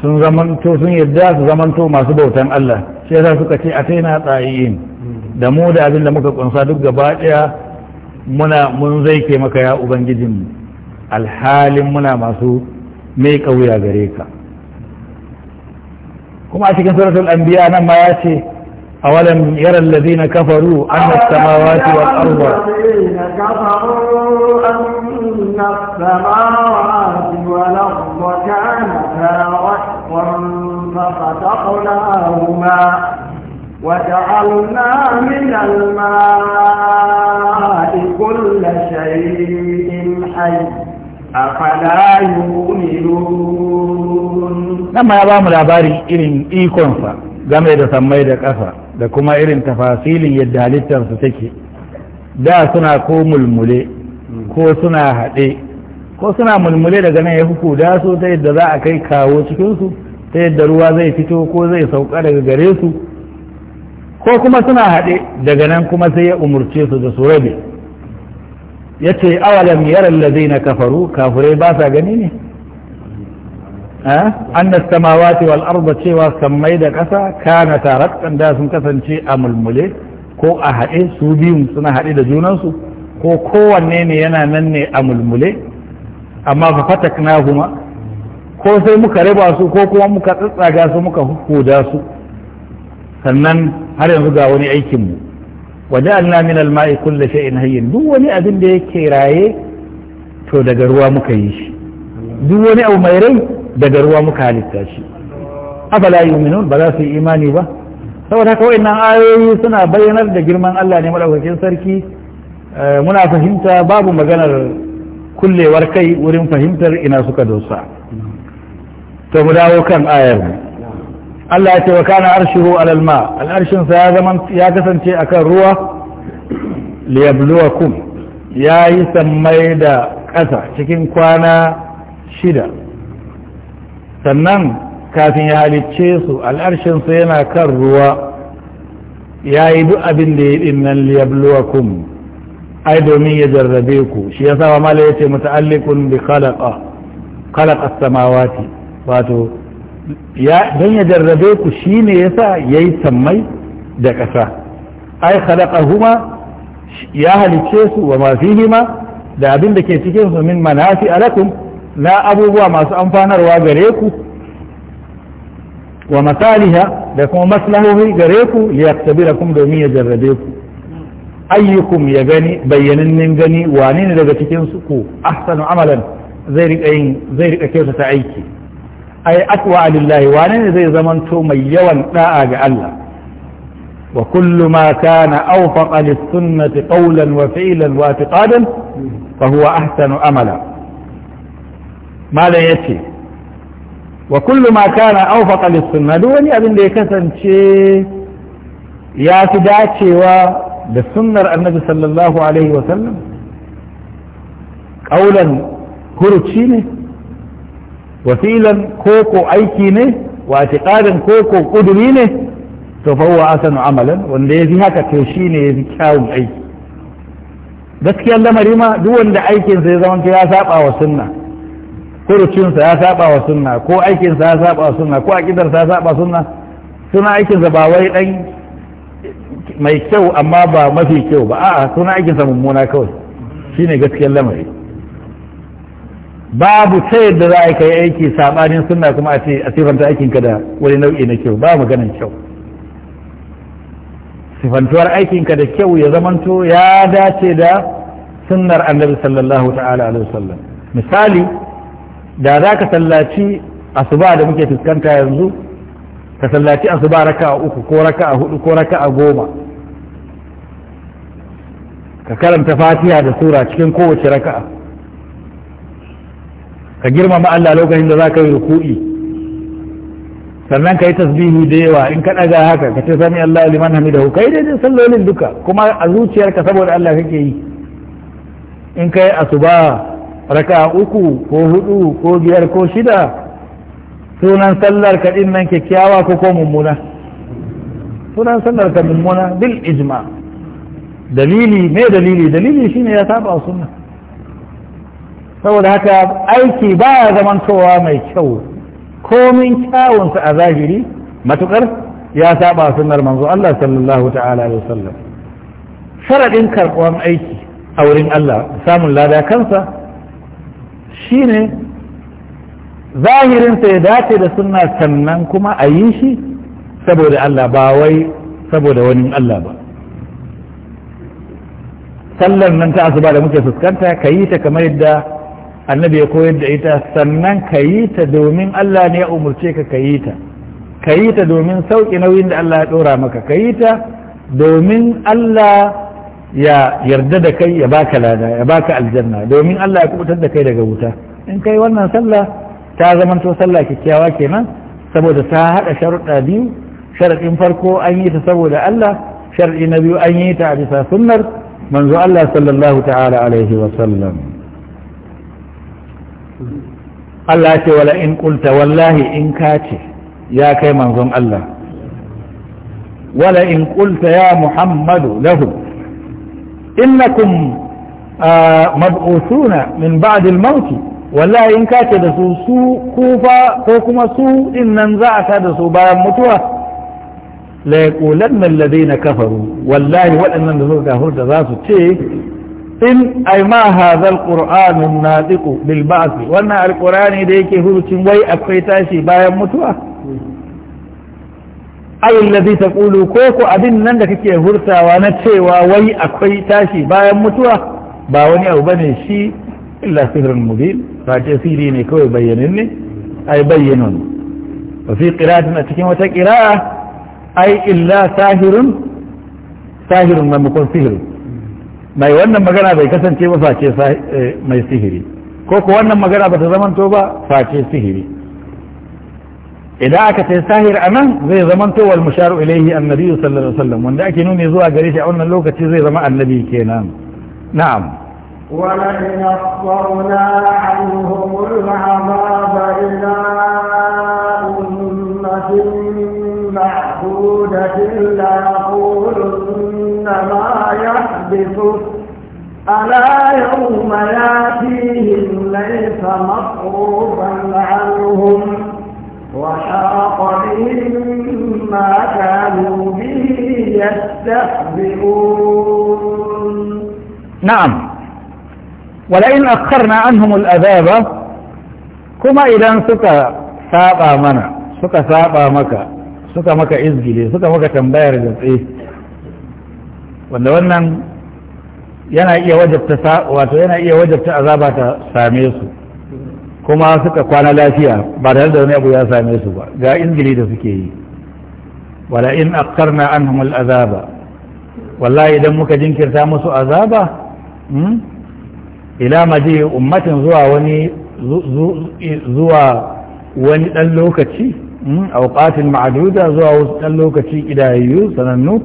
sun zamanto sun yarda su zamanto masu bautan Allah shi yasa suka ce a taina tsayiyin da mu da abin da muka kunsa duk gaba daya muna mun zai ke maka ya ubangijin mu. alhalin muna masu mai kauya gare ka kuma a cikin suratul anbiya nan ma ya ce أولم يرى الذين كفروا أن السماوات والأرض الذين كفروا أن السماوات والأرض كانتا رحقا ففتقناهما وجعلنا من الماء كل شيء حي أفلا يؤمنون لما ma ya ba mu labari irin ikonsa game da sammai da ƙasa da kuma irin tafasilin yadda halittarsu take da suna ko mulmule ko suna haɗe ko suna mulmule daga nan ya huku da su ta yadda za a kai kawo cikinsu ta yadda ruwa zai fito ko zai sauka daga gare su ko kuma suna haɗe daga nan kuma sai ya umurce su da su rabe ya ce awalam yaran lazai na kafaru kafurai ba sa gani ne Eh? annas samawati wal arda cewa sammai da ƙasa kana tarattan da sun kasance a mulmule ko a haɗe su biyun suna haɗe da junansu ko kowanne ne yana nan ne a mulmule amma fa na kuma ko sai muka raba su ko kuma muka tsatsaga su muka hukuda su sannan har yanzu ga wani aikin mu waje Allah min alma'i kulli shay'in hayyin duk wani abin da yake raye to daga ruwa muka yi shi duk wani abu mai rai daga ruwa muka halitta shi afala yu'minun ba za su yi imani ba saboda haka wayannan ayoyi suna bayyanar da girman Allah ne madaukakin sarki eh, muna fahimta babu maganar kullewar kai wurin fahimtar ina suka dosa to mu dawo kan ayar Allah ya ce wa kana arshuhu alal ma al'arshin sa ya zaman ya kasance akan ruwa liyabluwakum ya yi sammai da ƙasa cikin kwana shida sannan kafin ya halicce su al'arshinsa yana kan ruwa ya yi duk abin da ya yi nan liyabluwakum ai domin ya jarrabe ku shi ya sama mala ya ce muta'alliqun bi khalaqa khalaqa samawati wato ya don ya jarrabe ku shi ne ya sa ya yi sammai da ƙasa ai khalaqahuma ya halicce su wa ma fihima da abin da ke cikin su min manafi alakum na abubuwa masu amfanarwa gare ku wa masaliha da kuma maslahohi gare ku liyaktabirakum domin ya jarrabe ku ayyukum ya gani bayyanannen gani wane ne daga cikin su ku ahsanu amalan zai rika yin zai rika kyautata aiki ay aqwa lillahi wane ne zai zamanto mai yawan da'a ga Allah wa kullu ma kana awfaqa lis-sunnati qawlan wa fi'lan wa i'tiqadan fa huwa ahsanu amala malam ya ce wa kullu ma kana awfaqa lis-sunna duk wani abin da ya kasance ya fi dacewa da sunnar annabi sallallahu alaihi wa sallam qaulan huruci ne wasilan koko aiki ne wa ƙarin koko kuduri ne to fa huwa asan amalan wanda yafi haka to shine yafi kyawun aiki gaskiyar lamari ma duk wanda aikinsa ya zama ya saba wa sunna kurucinsa ya saba wa sunna ko aikinsa ya saba wa sunna ko aƙidarsa ya saba sunna suna aikinsa ba wai ɗan mai kyau amma ba mafi kyau ba a'a suna aikinsa mummuna kawai shine gaskiyar lamari babu ta yadda za a kai aiki sabanin sunna kuma a ce a sifanta aikinka da wani nau'i na kyau ba maganin kyau sifantuwar aikinka da kyau ya zamanto ya dace da sunnar annabi sallallahu ta'ala alaihi wasallam misali da za ka sallaci asuba da muke fuskanta yanzu ka sallaci asuba raka a uku ko raka a hudu ko raka a goma ka karanta fatiha da sura cikin kowace raka ka girmama Allah lokacin da za ka yi ruku'i sannan ka yi tasbihu da yawa in ka ɗaga haka ka ce sami Allah liman hamidahu kai daidai sallolin duka kuma a zuciyarka saboda Allah kake yi in ka yi asuba raka uku ko hudu ko biyar ko shida sunan sallar ka din nan kyakkyawa ko ko mummuna sunan sallar ka mummuna bil ijma dalili me dalili dalili shine ya saba sunna saboda haka aiki baya zamantowa mai kyau komin kyawunsa a zahiri matukar ya saba sunnar manzo Allah sallallahu ta'ala alaihi wasallam sharadin karɓuwan aiki a wurin Allah samun lada kansa shine zahirinsa ya dace da sunna sannan kuma a yi shi saboda Allah ba wai saboda wani Allah ba sallar nan ta asuba da muke fuskanta ka yi ta kamar yadda annabi ya koyar da ita sannan ka yi ta domin Allah ne ya umarce ka ka yi ta ka yi ta domin sauƙi nauyin da Allah ya ɗora maka ka yi ta domin Allah ya yarda da kai ya baka lada ya baka aljanna domin Allah ya kubutar da kai daga wuta in kai wannan sallah ta to sallah kyakkyawa kenan saboda ta haɗa sharuɗa biyu sharaɗin farko an yi ta saboda Allah sharaɗi na biyu an yi ta a bisa sunnar manzo Allah sallallahu ta'ala alaihi wa sallam Allah ce wala in qulta wallahi in ka ce ya kai manzon Allah wala in qulta ya Muhammadu lahu innakum mab'usuna min ba'd al-maut wallahi in kace da su su kufa ko kuma su din nan za a tada su bayan mutuwa la yaqulanna alladhina kafaru wallahi waɗannan da suka kafirta za su ce in ai ma hadhal qur'anu nadiqu bil ba'th wannan alqur'ani da yake hurucin wai akwai tashi bayan mutuwa ayin lazi ta ƙulu ko ku abin nan da kake hurtawa na cewa wai akwai tashi bayan mutuwa ba wani abu bane shi illa sihirin mubin ba ce siri ne kawai bayyanin ne ai bayyanin ba fi ƙira'atun a cikin wata ƙira'a ai illa sahirin sahirin maimakon sihiri mai wannan magana bai kasance ba face eh, mai sihiri ko ku wannan magana ba ta zamanto ba face sihiri إذا أكت ساهر أمان زي زمان تو المشار إليه النبي صلى الله عليه وسلم وإذا ذاك ينوني زوا قريش أعونا لو كتي زي زمان النبي كينام نعم ولئن أصبرنا عنهم العذاب إلى أمة معدودة لا يقولن ما يحدث ألا يوم يأتيهم ليس مصروفا عنهم وحاق بهم ما كانوا به يستهزئون نعم ولئن أخرنا عنهم الأذاب كما إذا سكا سابا منا سكا سابا مكا سكا مكا إزجلي سكا مكا تنبير جزئي وأن يانا إيا وجبت سا... وأن يانا إيا وجبت أذابة ساميسو kuma suka kwana lafiya ba tare da wani abu ya same su ba ga ingili da suke yi wala in akarna anhum azaba. wallahi idan muka jinkirta musu azaba hmm, ila maji ummatin zuwa wani zuwa wani dan lokaci a hmm, auqatin ma'duda zuwa wasu dan lokaci idayyu sanannu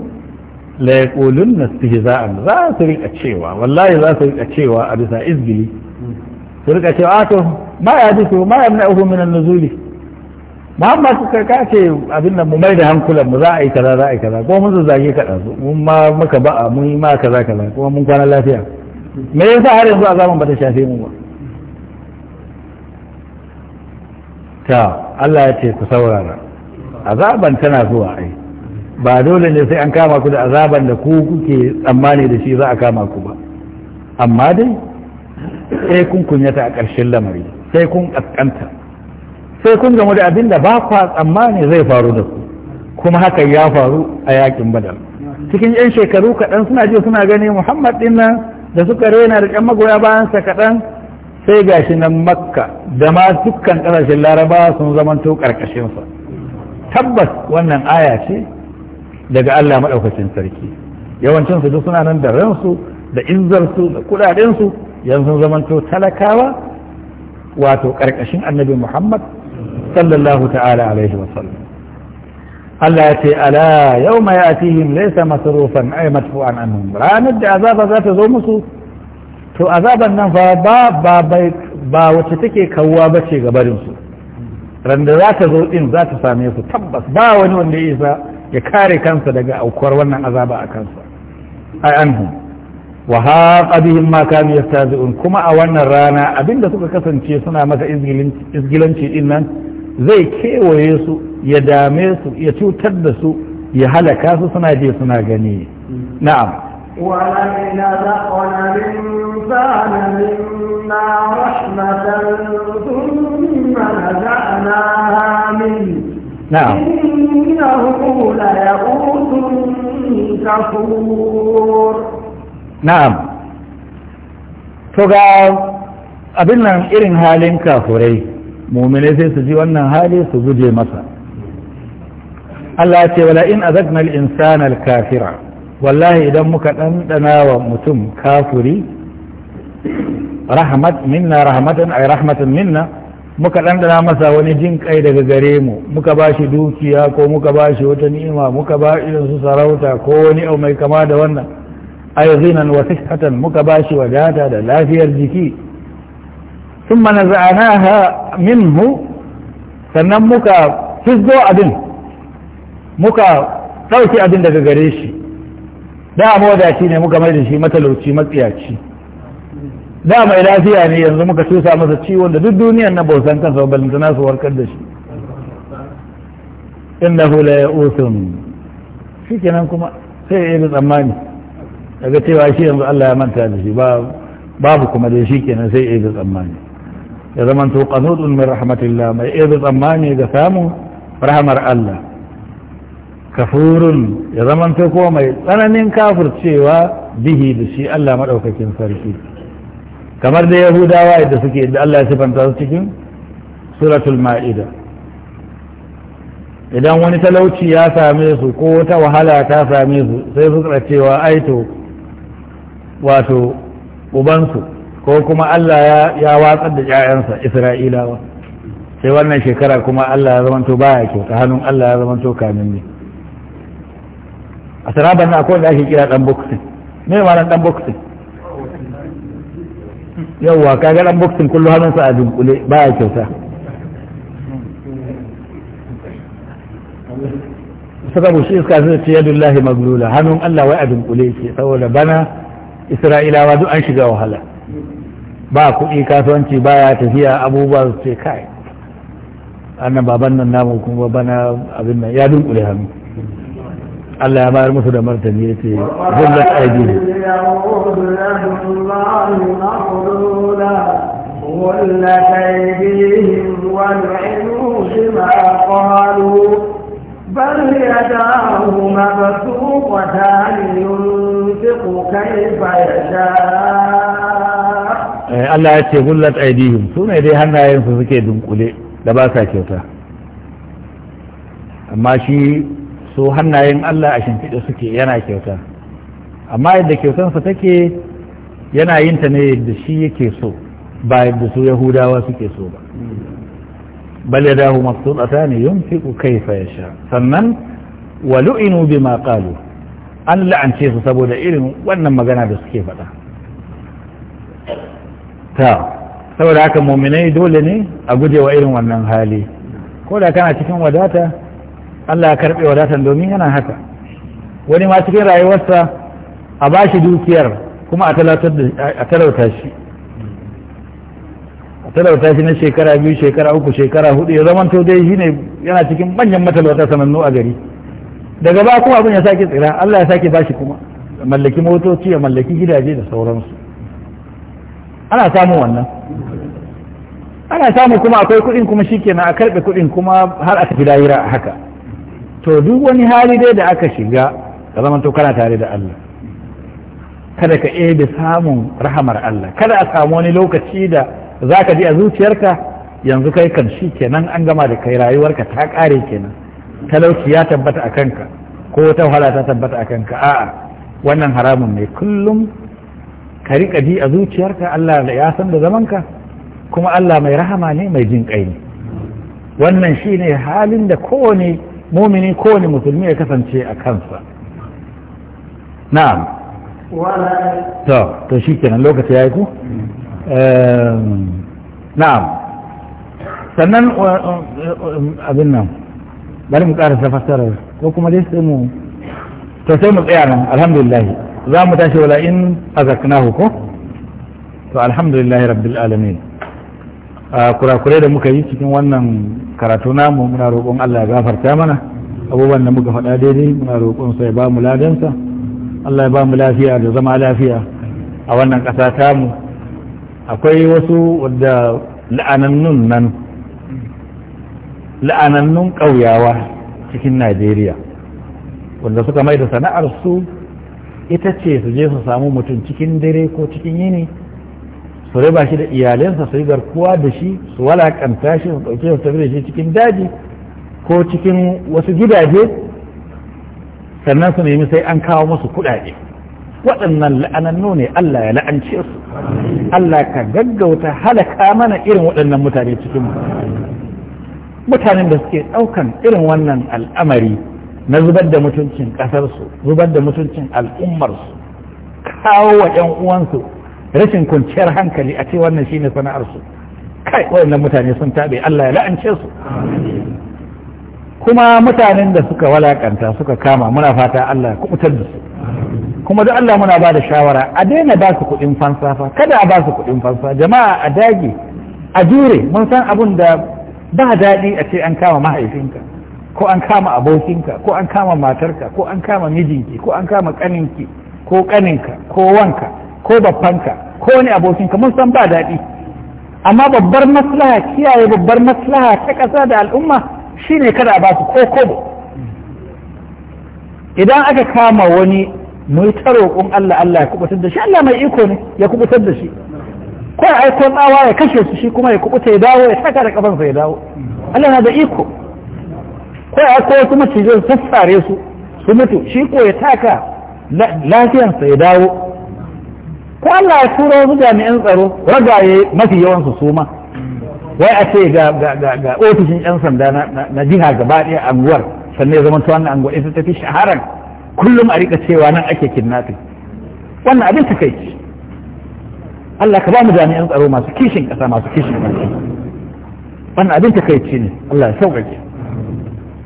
la yaqulunna istihza'an za su rika cewa wallahi za su rika cewa a bisa izgili su rika cewa to ma ya ji to ma min an-nuzuli muhammad ka ka ce abin nan mu mai da hankulan mu za a yi kaza za a yi kaza ko mun zage ka mun ma maka ba mun yi ma kaza kaza kuma mun kwana lafiya me yasa har yanzu azaban bata shafe mu ba ta Allah ya ce ku saurara azaban tana zuwa ai ba dole ne sai an kama ku da azaban da ku kuke tsammani da shi za kama ku ba amma dai sai kun kunyata a ƙarshen lamari sai kun kaskanta sai kun gama da abin da ba kwa tsammani zai faru da su kuma hakan ya faru a yakin badar cikin yan shekaru kaɗan suna ji suna gani muhammad din nan da suka rena da ƴan magoya bayan sa kaɗan sai gashi nan makka da ma dukkan ƙasashen larabawa sun zamanto ƙarƙashinsa tabbas wannan aya ce daga allah maɗaukacin sarki yawancinsu duk suna nan da ransu da inzarsu da kuɗaɗensu yanzu zamanto talakawa wato ƙarƙashin annabi Muhammad sallallahu ta'ala alaihi wa sallam Allah ya ce ala yau ma atihim laisa masarufan ai matfu'an anhum ranar da azaba za ta zo musu to azaban nan fa ba ba ba wacce take kawwa ba ce ga su randa za ta zo din za ta same su tabbas ba wani wanda ya isa ya kare kansa daga aukuwar wannan azaba a kansa ai وهاق بهم ما كانوا يستهزئون كما أولنا رانا أبين ده سوكا كسن شيء سنة مسا إزجلن شيء إنان زي كي ويسو يداميسو يتو تدسو يهلا كاسو سنة جي سنة غني نعم ولئن ذقنا الإنسان منا رحمة ثم نزعناها منه نعم إنه ليقوت كفور na'am to ga abin nan irin halin kafurai mumine sai su ji wannan hali su guje masa Allah ce wala in azagna al-insana al-kafira wallahi idan muka dandana wa mutum kafuri rahmat minna rahmatan ay rahmatan minna muka dandana masa wani jin kai daga gare mu muka bashi dukiya ko muka bashi wata ni'ima muka ba irin su sarauta ko wani abu mai kama da wannan ay nan wa sihhatan muka bashi wadata da lafiyar jiki thumma naza'naha minhu sannan muka fizo abin muka ɗauki abin daga gare shi da mawadaci ne muka mai da shi matalauci matsiyaci da mai lafiya ne yanzu muka cusa masa ciwon da duk duniyan na bautan kansa balantana su warkar da shi ya usun. ya'usun kenan kuma sai ya yi tsammani daga cewa shi yanzu Allah ya manta da shi babu kuma da shi kenan sai ya tsammani ya zama to qanudun min rahmatillah mai ya tsammani ga samu rahmar Allah kafurun ya zama to kuma mai tsananin kafircewa bihi da shi Allah madaukakin sarki kamar da yahudawa da suke da Allah ya sifanta su cikin suratul ma'ida idan wani talauci ya same su ko wata wahala ta same su sai su cewa aito wato ubansu ko kuma Allah ya watsar da ‘ya'yansa Isra'ilawa sai wannan shekara kuma Allah ya zamanto baya kyauta hannun Allah ya zamanto kamin ne a sarabar na akwai da ake kira ɗan boxing me ma ɗan boxing yawwa kaga ɗan boxing kullum sa a dunkule baya kyauta suka bushe iska zai ce yadullahi maglula hannun Allah wai a dunkule ce saboda bana isra'ilawa duk an shiga wahala ba kuɗi kasuwanci ya tafiya abubuwa su ce kai annan baban nan namu kuma bana abin nan ya dunkule hannu Allah ya bayar musu da martani ya ce zullat ne ولت أيديهم بما قالوا بل يداه مبسوطتان ينفق كيف يشاء eh, Allah ya ce gullat aidihim su ne dai hannayensu suke dunkule da ba sa kyauta amma shi su hannayen Allah a shimfiɗe suke yana kyauta amma yadda kyautansa take yana yin ta ne da shi yake so ba yadda su yahudawa suke so ba bal yadahu mabsutatani yunfiqu kayfa yasha sannan wa lu'inu bima qalu an la'ance su saboda irin wannan magana da suke faɗa ta saboda haka muminai dole ne a gujewa irin wannan hali ko da kana cikin wadata Allah ya karɓe domin yana haka wani ma cikin rayuwarsa a bashi dukiyar kuma a talauta shi talauta shi na shekara biyu shekara uku shekara hudu ya zamanto dai shi ne yana cikin manyan matalauta sanannu a gari daga ba kuma abin ya sake tsira Allah ya sake bashi kuma mallaki motoci ya mallaki gidaje da sauransu ana samun wannan ana samun kuma akwai kuɗin kuma shi kenan a karɓe kuɗin kuma har a tafi dahira haka to duk wani hali dai da aka shiga ka to kana tare da Allah kada ka ebe samun rahamar Allah kada a samu wani lokaci da za ka ji a zuciyarka yanzu kai kan shi kenan an gama da kai rayuwarka ta ƙare kenan talauci ya tabbata a kanka ko wata wahala ta tabbata a kanka a'a wannan haramun ne kullum ka riƙa ji a zuciyarka Allah ya san da zamanka kuma Allah mai rahama ne mai jin ƙai ne wannan shine halin da kowane mumini kowane musulmi ya kasance a kansa na'am to to shikenan lokaci ya yi ku mm. na'am sannan abin nan bari mu ƙarasa fassarar ko kuma dai sai mu to sai mu tsaya nan alhamdulillah za mu tashi wala in azaknahu ko to alhamdulillah rabbil alamin kurakurai da muka yi cikin wannan karatu namu muna roƙon Allah ya gafarta mana abubuwan da muka faɗa daidai muna roƙon sai ba mu ladansa Allah ya ba mu lafiya da zama lafiya a wannan ƙasa tamu akwai wasu wadda la'anannun nan la'anannun ƙauyawa cikin najeriya wanda suka mai da sana'ar su ita ce su je su samu mutum cikin dare ko cikin yini su riba shi da iyalinsa su yi garkuwa da shi su walakanta shi su ɗauke su tafi da shi cikin daji ko cikin wasu gidaje sannan su nemi sai an kawo musu kuɗaɗe waɗannan la'anannu ne Allah ya la'ance su Allah ka gaggauta halaka mana irin waɗannan mutane cikin mutanen da suke ɗaukan irin wannan al'amari na zubar da mutuncin ƙasarsu zubar da mutuncin al'ummarsu kawo wa ‘yan uwansu rashin kwanciyar hankali a ce wannan shine sana'arsu kai waɗannan mutane sun taɓe Allah ya la'ance su kuma mutanen da suka walakanta suka kama muna fata Allah ya kubutar da su kuma duk Allah muna ba da shawara a daina ba su kuɗin fansafa kada a ba su kuɗin fansa jama'a a dage a jure mun san abin da ba daɗi a ce an kama mahaifinka ko an kama abokinka ko an kama matarka ko an kama mijinki ko an kama kaninki ko kaninka ko wanka ko babbanka ko wani abokinka mun san ba daɗi amma babbar maslaha kiyaye babbar maslaha ta ƙasa da al'umma shine kada a ba su ko kobo idan aka kama wani mu yi ta roƙon Allah Allah ya kubutar da shi Allah mai iko ne ya kubutar da shi ko ya aiko tsawa ya kashe su shi kuma ya kubuta ya dawo ya saka da kafansa ya dawo Allah na da iko ko ya aiko wasu macijin sassare su su mutu shi ko ya taka lafiyansa ya dawo ko Allah ya tura wasu jami'an tsaro ragaye mafi yawansu su ma wai a ce ga ofishin 'yan sanda na jiha gaba ɗaya anguwar sannan ya zama tuwan anguwar ita tafi shaharar kullum a riƙa cewa nan ake kidnapping wannan abin ta kai Allah ka ba mu jami'an tsaro masu kishin ƙasa masu kishin ƙasa wannan abin ta kai ne Allah ya sauƙaƙe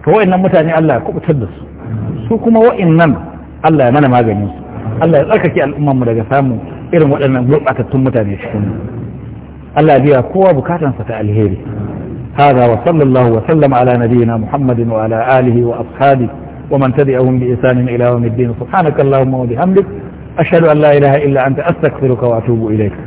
to wa'annan mutane Allah ya kubutar da su su kuma wa'annan Allah ya mana maganin su Allah ya tsarkake al'ummarmu daga samun irin waɗannan gurɓatattun mutane cikin mu Allah ya biya kowa bukatansa ta alheri هذا وصلى الله وسلم على نبينا محمد وعلى آله وأصحابه ومن تبعهم بإحسان إلى يوم الدين سبحانك اللهم وبحمدك أشهد أن لا إله إلا أنت أستغفرك وأتوب إليك